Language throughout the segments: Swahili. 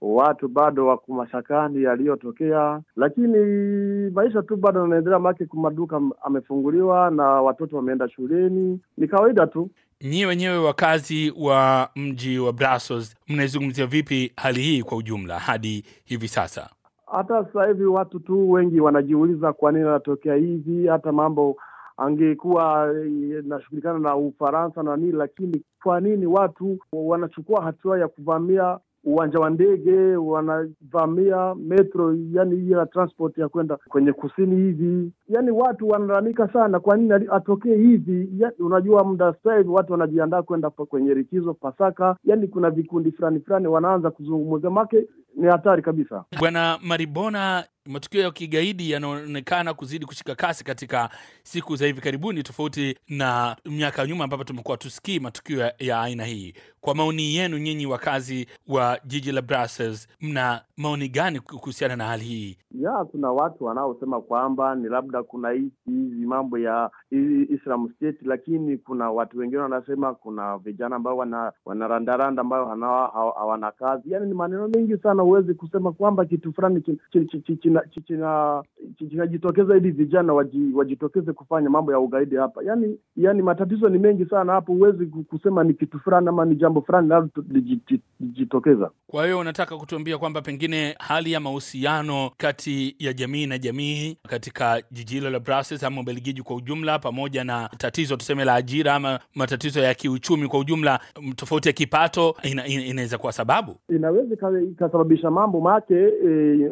watu bado wako mashakani yaliyotokea, lakini maisha tu bado yanaendelea, maake maduka amefunguliwa na watoto wameenda shuleni, ni kawaida tu. Nyie wenyewe wakazi wa mji wa Brussels mnaizungumzia vipi hali hii kwa ujumla hadi hivi sasa? Hata sasa hivi watu tu wengi wanajiuliza kwa nini anatokea hivi. Hata mambo angekuwa eh, inashughulikana na Ufaransa na nini, lakini kwa nini watu wanachukua hatua ya kuvamia uwanja wa ndege, wanavamia metro, yani hii ya transport ya kwenda kwenye kusini hivi. Yani watu wanalalamika sana, kwa nini atokee hivi? Yani, unajua muda sasa hivi watu wanajiandaa kwenda kwenye likizo Pasaka, yani kuna vikundi fulani fulani wanaanza kuzungumza make, ni hatari kabisa. Bwana Maribona, Matukio ya kigaidi yanaonekana kuzidi kushika kasi katika siku za hivi karibuni, tofauti na miaka ya nyuma ambapo tumekuwa tusikii matukio ya aina hii. Kwa maoni yenu nyinyi, wakazi wa jiji la Brussels, mna maoni gani kuhusiana na hali hii? ya kuna watu wanaosema kwamba ni labda kuna hizi mambo ya Islam State, lakini kuna watu wengine wanasema kuna vijana ambao wana wanarandaranda ambao hawana kazi. Yani ni maneno mengi sana, huwezi kusema kwamba kitu fulani china kinajitokeza ili vijana wajitokeze kufanya mambo ya ugaidi hapa. Yani, yani matatizo ni mengi sana hapo, huwezi kusema ni kitu fulani ama ni jambo fulani linalojitokeza. Kwa hiyo unataka kutuambia kwamba pengine hali ya mahusiano kati ya jamii na jamii katika jiji hilo la Brussels ama Ubelgiji kwa ujumla, pamoja na tatizo tuseme la ajira ama matatizo ya kiuchumi kwa ujumla, tofauti ya kipato ina, ina, inaweza kuwa sababu, inaweza ikasababisha mambo make e,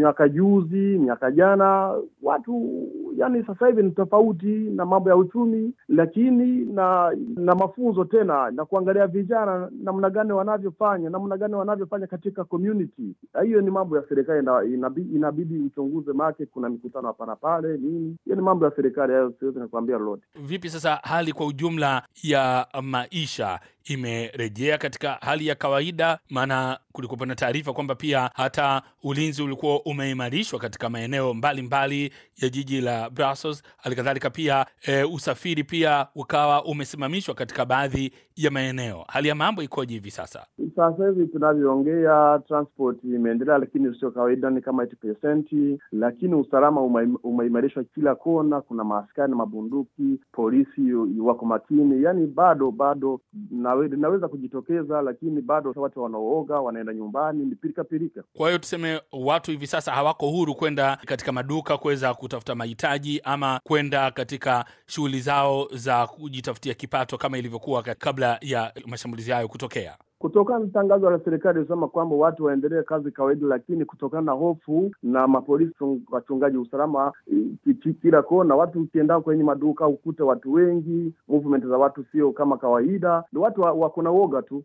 mwaka juzi miaka jana. Watu yani sasa hivi ni tofauti na mambo ya uchumi, lakini na na mafunzo tena na kuangalia vijana namna gani wanavyofanya, namna gani wanavyofanya katika community. Hiyo ni mambo ya serikali, inabidi, inabidi uchunguze, make kuna mikutano hapa na pale nini. Hiyo ni mambo ya serikali hayo, siwezi nakuambia lolote. Vipi sasa hali kwa ujumla ya maisha imerejea katika hali ya kawaida, maana kulikuwa na taarifa kwamba pia hata ulinzi ulikuwa umeimarishwa katika maeneo mbalimbali mbali ya jiji la Brussels. Halikadhalika pia e, usafiri pia ukawa umesimamishwa katika baadhi ya maeneo. Hali ya mambo ikoje hivi sasa? Sasa hivi tunavyoongea, transport imeendelea, lakini sio kawaida, ni kama 80%, lakini usalama umeimarishwa kila kona. Kuna maaskari na mabunduki, polisi wako makini, yani bado bado na linaweza kujitokeza, lakini bado watu wanaooga wanaenda nyumbani, ni pirika pirika. Kwa hiyo tuseme watu hivi sasa hawako huru kwenda katika maduka kuweza kutafuta mahitaji ama kwenda katika shughuli zao za kujitafutia kipato kama ilivyokuwa kabla ya mashambulizi hayo kutokea kutokana na tangazo la serikali lisema kwamba watu waendelee kazi kawaida, lakini kutokana na hofu na mapolisi, wachungaji usalama eh, kila kona, watu ukienda kwenye maduka ukute watu wengi, movement za watu sio kama kawaida, ni watu wako na uoga tu.